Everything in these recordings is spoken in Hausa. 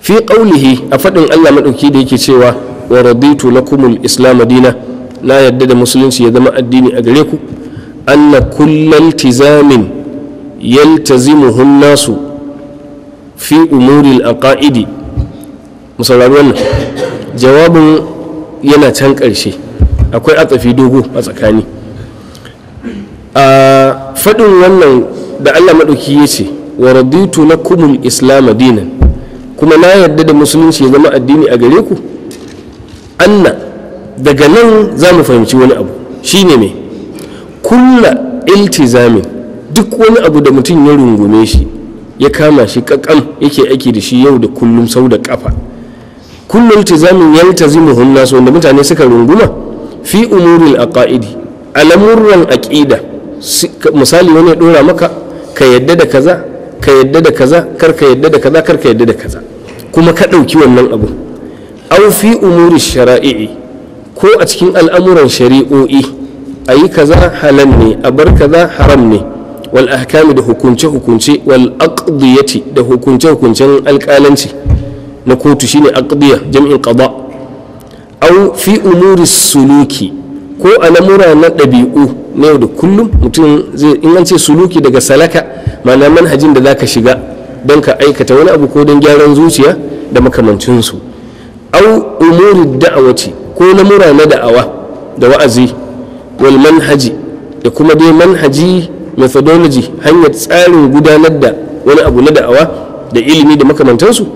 fi ƙaunihi a faɗin Allah maɗauki da yake cewa wa raditu lakumul islam dina na yadda da musulunci ya zama addini a gare ku anna kullal tizamin yaltazimuhu hunnasu fi umuril aqaidi mu wannan jawabin yana can ƙarshe akwai atsafi dogo a tsakani a faɗin wannan da Allah maɗauki ya ce wa raditu lakumul islam dinan kuma na yarda da musulunci ya zama addini a gare ku anna daga nan za mu fahimci wani abu shine mai kulla iltizamin duk wani abu da mutum ya rungume shi ya kama shi kakan yake aiki da shi yau da kullum sau da kafa kullum iltizamin ya hunna su wanda mutane suka runguma fi umurin aqaidi alamurran aqida misali wani ya dora maka ka yadda da kaza ka yadda da kaza kar ka yadda da kaza kar ka yadda da kaza kuma ka ɗauki wannan abu au fi umuri shara'i'i ko a cikin al'amuran shari'o'i a yi kaza halal ne a bar kaza haram ne wal ahkami da hukunce hukunce wal aqdiyati da hukunce hukuncen alƙalanci na kotu shine aqdiya jam'in qada au fi umuri suluki ko al'amura na ɗabi'u na yau da kullum mutum zai in suluki daga salaka ma'ana manhajin da zaka shiga don ka aikata wani abu ko don gyaran zuciya da makamancinsu au umuri da'awaci ko lamura na da'awa da wa'azi wal manhaji da kuma dai manhaji methodology hanyar tsarin gudanar da wani abu na da'awa da ilimi da makamantansu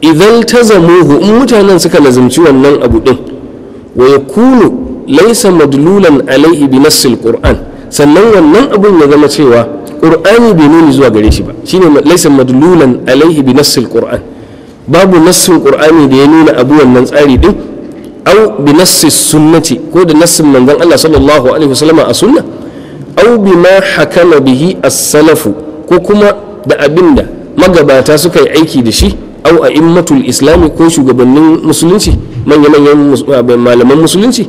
idan ta zamuhu in mutanen suka lazimci wannan abu ɗin, wa kunu laisa madlulan alaihi bi nassil qur'an sannan wannan abun ya zama cewa qur'ani bai nuni zuwa gare shi ba shi ne laysa madlulan alaihi bi nassil qur'an babu nassin qur'ani da ya nuna abu wannan tsari din au bi nassis sunnati ko da nassin manzon Allah sallallahu alaihi wasallam a sunna au bi ma hakama bihi as-salafu ko kuma da abinda magabata suka yi aiki da shi au a immatul islami ko shugabannin musulunci manya-manyan malaman musulunci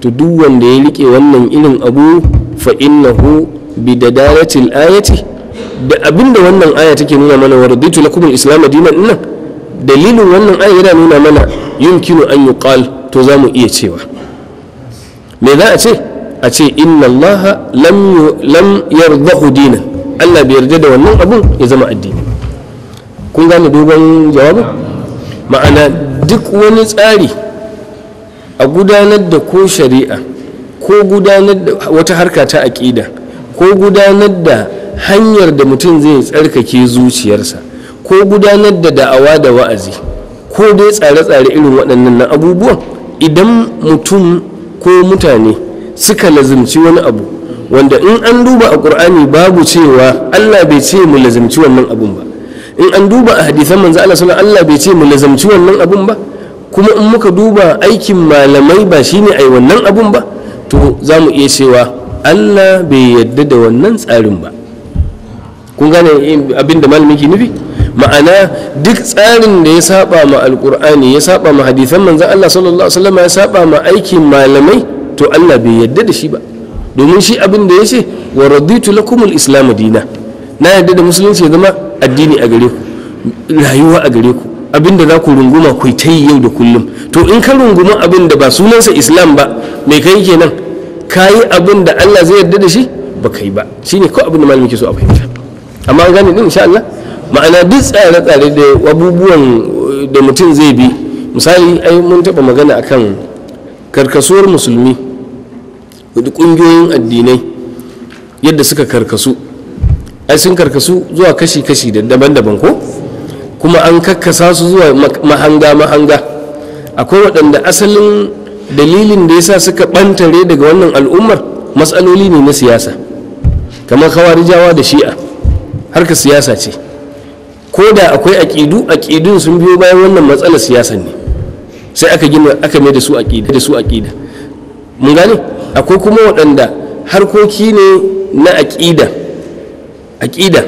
to duk wanda ya rike wannan irin abu fa innahu bi dalalatil ayati da abinda wannan aya take nuna mana wa raditu lakum al-islam dinan nan dalilin wannan aya yana nuna mana yumkinu an yuqal to zamu iya cewa me za a ce a ce inna allaha lam lam yardahu dinan Allah bai yarda da wannan abun ya zama addini kun gane dogon jawabin ma'ana duk wani tsari a gudanar da ko shari'a ko gudanar da wata harka ta aƙida ko gudanar da hanyar da mutum zai tsarkake zuciyarsa ko gudanar da da'awa da wa'azi ko dai tsare-tsare irin waɗannan na abubuwan idan mutum ko mutane suka lazimci wani abu wanda in an duba a ƙur'ani babu cewa allah bai ce mu lazimci wannan abun ba in an duba a hadisan manzo Allah sallallahu Allah bai ce mu lazimci wannan abun ba kuma in muka duba aikin malamai ba shine ai wannan abun ba to za mu iya cewa Allah bai yadda da wannan tsarin ba kun gane abin da malamin ke nufi ma'ana duk tsarin da ya saba ma alkur'ani ya saba ma hadithan manzan Allah sallallahu alaihi wasallam ya saba ma aikin malamai to Allah bai yadda da shi ba domin shi abin da ya ce wa raditu lakumul islam dina na yadda da musulunci ya zama addini a gare ku rayuwa a gare ku abin da za ku runguma ku ta yau da kullum to in ka runguma abin da ba sunansa islam ba mai kai kenan ka yi abin da Allah zai yarda da shi ba ka yi ba shine ko abin da malamin ke so a fahimta amma an gane din insha Allah ma'ana duk tsare-tsare da abubuwan eh, da mutum zai bi misali ai mun taɓa magana akan karkasuwar musulmi da ƙungiyoyin addinai yadda suka karkasu ai sun karkasu zuwa kashi-kashi da daban-daban ko kuma an kakkasa su zuwa mahanga-mahanga akwai waɗanda asalin dalilin da yasa suka bantare daga wannan al'ummar matsaloli ne na siyasa kamar kawarijawa da shi'a harka siyasa ce ko da akwai aƙidu aƙidun sun biyo bayan wannan matsalar siyasa ne sai aka gina aka mai da su aƙida da su aƙida mun gane akwai kuma waɗanda harkoki ne na aƙida aƙida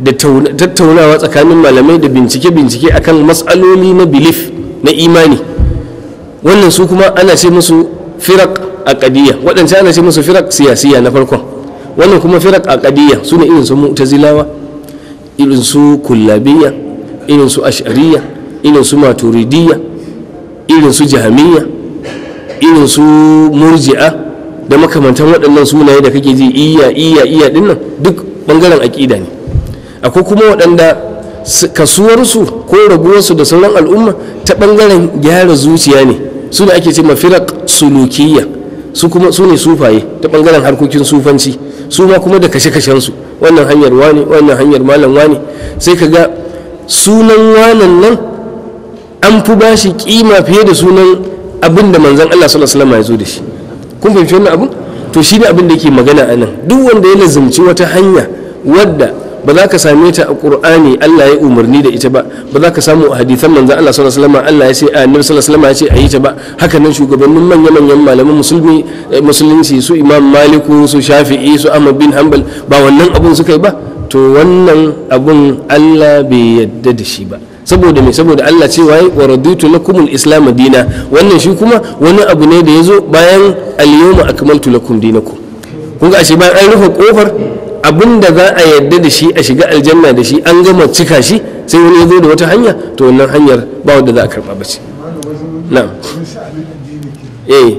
da tattaunawa tsakanin malamai da bincike bincike akan matsaloli na bilif na imani wannan su kuma ana ce musu firak kadiyya waɗancan ana ce musu firak siyasiya na farkon wannan kuma firak kadiyya su ne irin su mu'tazilawa irin su kullabiyya irin su ashariya irin su maturidiyya irin su jahamiyya irin su murji'a da makamantan waɗannan sunaye da kake ji iya iya iya dinnan duk bangaren aƙida ne akwai kuma waɗanda kasuwarsu ko raguwarsu da sauran al'umma ta ɓangaren gyara zuciya ne su ne ake ce mafilak sulukiya su kuma su ne sufaye ta bangaren harkokin sufanci su ma kuma da kashe kashensu wannan hanyar wani wannan hanyar malam wani sai ka ga sunan wanan nan an fi ba shi kima fiye da sunan abin da manzan Allah sallallahu alaihi ya zo da shi kun fahimci wannan abin to shi ne abin da yake magana a nan duk wanda ya lazimci wata hanya wadda ba za ka same ta a ƙur'ani Allah ya umarni da ita ba ba za ka samu a hadithan manzan Allah sallallahu alaihi wasallam Allah ya ce annabi sallallahu alaihi wasallam ya ce a yi ta ba haka nan shugabannin manya manyan malaman musulmi eh, musulunci su Imam Maliku su Shafi'i su Ahmad bin Hanbal ba wannan abun suka yi ba to wannan abun Allah bai yadda da shi ba saboda me saboda Allah ce wai wa raditu lakum al-islam dina wannan shi kuma wani abu ne da yazo bayan al-yawma akmaltu lakum dinakum kun ga ashe bayan an rufe kofar abin da za a yadda da shi a shiga aljanna da shi an gama cika shi sai wani ya zo da wata hanya to wannan hanyar ba wadda za a karba ba ce na'am eh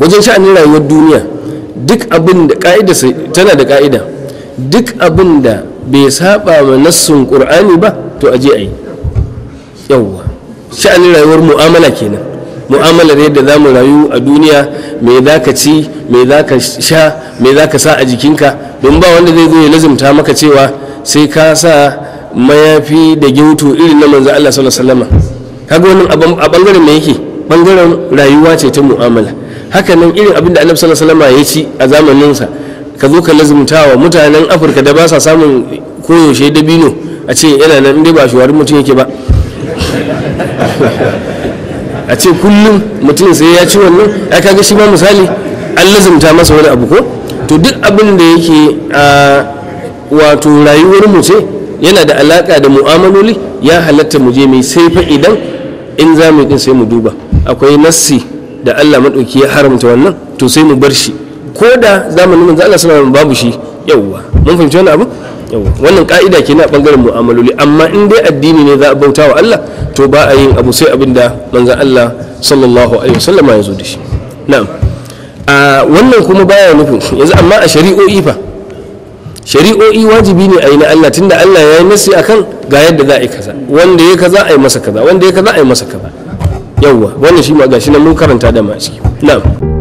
wajen sha'anin rayuwar duniya duk abin da ka'ida tana da ka'ida duk abin da bai saba ma nassun qur'ani ba to aje ayi yawwa sha'anin rayuwar mu'amala kenan mu'amalar yadda za mu rayu a duniya me za ka ci me za ka sha me za ka sa a jikinka don ba wanda zai zo ya maka cewa sai ka sa mayafi da gyautu irin na manzo Allah sallallahu alaihi wasallam kaga wannan a bangaren me yake bangaren rayuwa ce ta mu'amala haka nan irin abin da annabi sallallahu alaihi wasallam ya ci a zamaninsa ka zo ka lazimtawa mutanen afirka da ba sa samun koyaushe dabino a ce yana nan dai ba shuwarin mutum yake ba a ce kullum mutum sai ya ci wannan ya kaga shi ma misali an lazumta masa wani abu ko to duk abin da yake a wato rayuwar mu ce yana da alaka da mu'amaloli ya halatta mu je mai sai fa idan in za mu din sai mu duba akwai nassi da Allah madauki ya haramta wannan to sai mu bar shi ko da zamanin manzo Allah sallallahu alaihi babu shi yauwa mun fahimci wannan abu wannan ka'ida ke na bangaren mu'amaloli amma in dai addini ne za a bauta wa Allah to ba a yin abu sai abin da manzan Allah sallallahu alaihi wasallama ya zo da shi na'am wannan kuma baya nufi yanzu amma a shari'o'i fa shari'o'i wajibi ne a yi na Allah tunda Allah ya yi nasi akan ga yadda za a yi kaza wanda ya kaza a yi masa kaza wanda ya kaza a yi masa kaza yawwa wannan shi ma gashi nan mun karanta da ma ciki na'am